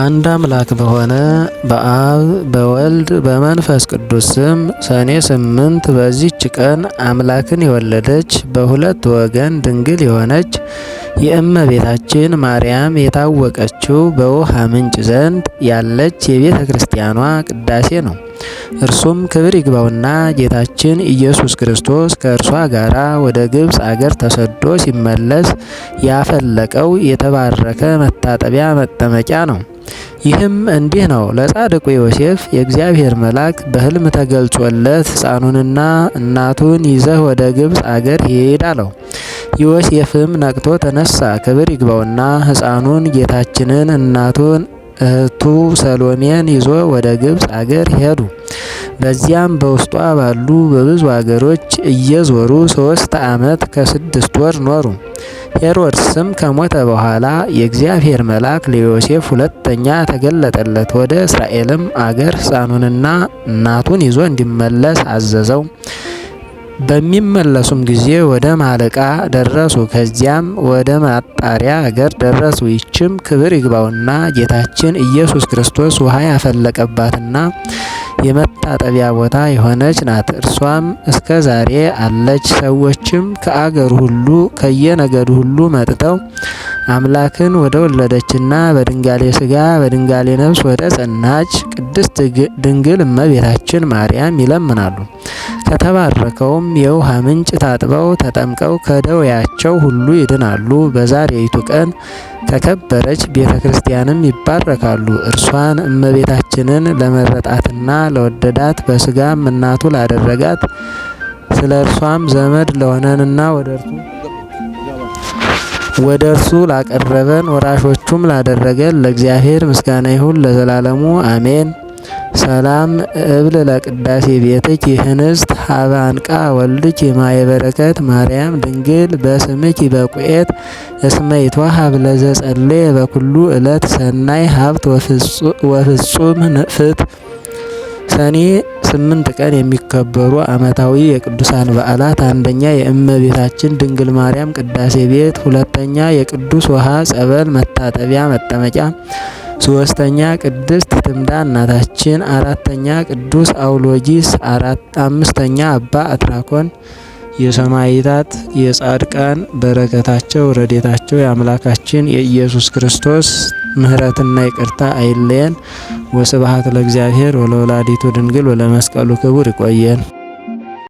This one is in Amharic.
አንድ አምላክ በሆነ በአብ በወልድ በመንፈስ ቅዱስ ስም ሰኔ ስምንት በዚች ቀን አምላክን የወለደች በሁለት ወገን ድንግል የሆነች የእመቤታችን ማርያም የታወቀችው በውሃ ምንጭ ዘንድ ያለች የቤተ ክርስቲያኗ ቅዳሴ ነው። እርሱም ክብር ይግባውና ጌታችን ኢየሱስ ክርስቶስ ከእርሷ ጋራ ወደ ግብፅ አገር ተሰዶ ሲመለስ ያፈለቀው የተባረከ መታጠቢያ መጠመቂያ ነው። ይህም እንዲህ ነው። ለጻድቁ ዮሴፍ የእግዚአብሔር መልአክ በሕልም ተገልጾለት ሕፃኑንና እናቱን ይዘህ ወደ ግብፅ አገር ሂድ አለው። ዮሴፍም ነቅቶ ተነሳ። ክብር ይግባውና ሕፃኑን ጌታችንን እናቱን እህቱ ሰሎሜን ይዞ ወደ ግብፅ አገር ሄዱ። በዚያም በውስጧ ባሉ በብዙ አገሮች እየዞሩ ሶስት ዓመት ከስድስት ወር ኖሩ። ሄሮድስም ከሞተ በኋላ የእግዚአብሔር መልአክ ለዮሴፍ ሁለተኛ ተገለጠለት። ወደ እስራኤልም አገር ሕፃኑንና እናቱን ይዞ እንዲመለስ አዘዘው። በሚመለሱም ጊዜ ወደ ማለቃ ደረሱ። ከዚያም ወደ ማጣሪያ አገር ደረሱ። ይችም ክብር ይግባውና ጌታችን ኢየሱስ ክርስቶስ ውሃ ያፈለቀባትና የመታጠቢያ ቦታ የሆነች ናት። እርሷም እስከ ዛሬ አለች። ሰዎችም ከአገር ሁሉ ከየነገዱ ሁሉ መጥተው አምላክን ወደ ወለደችና በድንጋሌ ስጋ በድንጋሌ ነፍስ ወደ ጸናች ቅድስት ድንግል እመቤታችን ማርያም ይለምናሉ። ከተባረከውም የውሃ ምንጭ ታጥበው ተጠምቀው ከደውያቸው ሁሉ ይድናሉ። በዛሬይቱ ቀን ከከበረች ቤተ ክርስቲያንም ይባረካሉ። እርሷን እመቤታችንን ለመረጣትና ለወደዳት በስጋም እናቱ ላደረጋት ስለ እርሷም ዘመድ ለሆነንና ወደ እርሱ ወደ እርሱ ላቀረበን ወራሾቹም ላደረገን ለእግዚአብሔር ምስጋና ይሁን ለዘላለሙ አሜን። ሰላም እብል ለቅዳሴ ቤትች ህንስት ሀበ ወልድች የማየ በረከት ማርያም ድንግል በስምች በቁኤት እስመይቷ ይትወሀብ ለዘጸሌ በኩሉ ዕለት ሰናይ ሀብት ወፍጹም ፍት ሰኔ ስምንት ቀን የሚከበሩ ዓመታዊ የቅዱሳን በዓላት አንደኛ የእመቤታችን ድንግል ማርያም ቅዳሴ ቤት፣ ሁለተኛ የቅዱስ ውሃ ጸበል መታጠቢያ መጠመቂያ፣ ሶስተኛ ቅድስት ትምዳ እናታችን፣ አራተኛ ቅዱስ አውሎጂስ፣ አምስተኛ አባ አትራኮን። የሰማይታት የጻድቃን በረከታቸው ረዴታቸው የአምላካችን የኢየሱስ ክርስቶስ ምህረትና ይቅርታ አይለየን። ወስብሐት ለእግዚአብሔር ወለወላዲቱ ድንግል ወለመስቀሉ ክቡር። ይቆየን።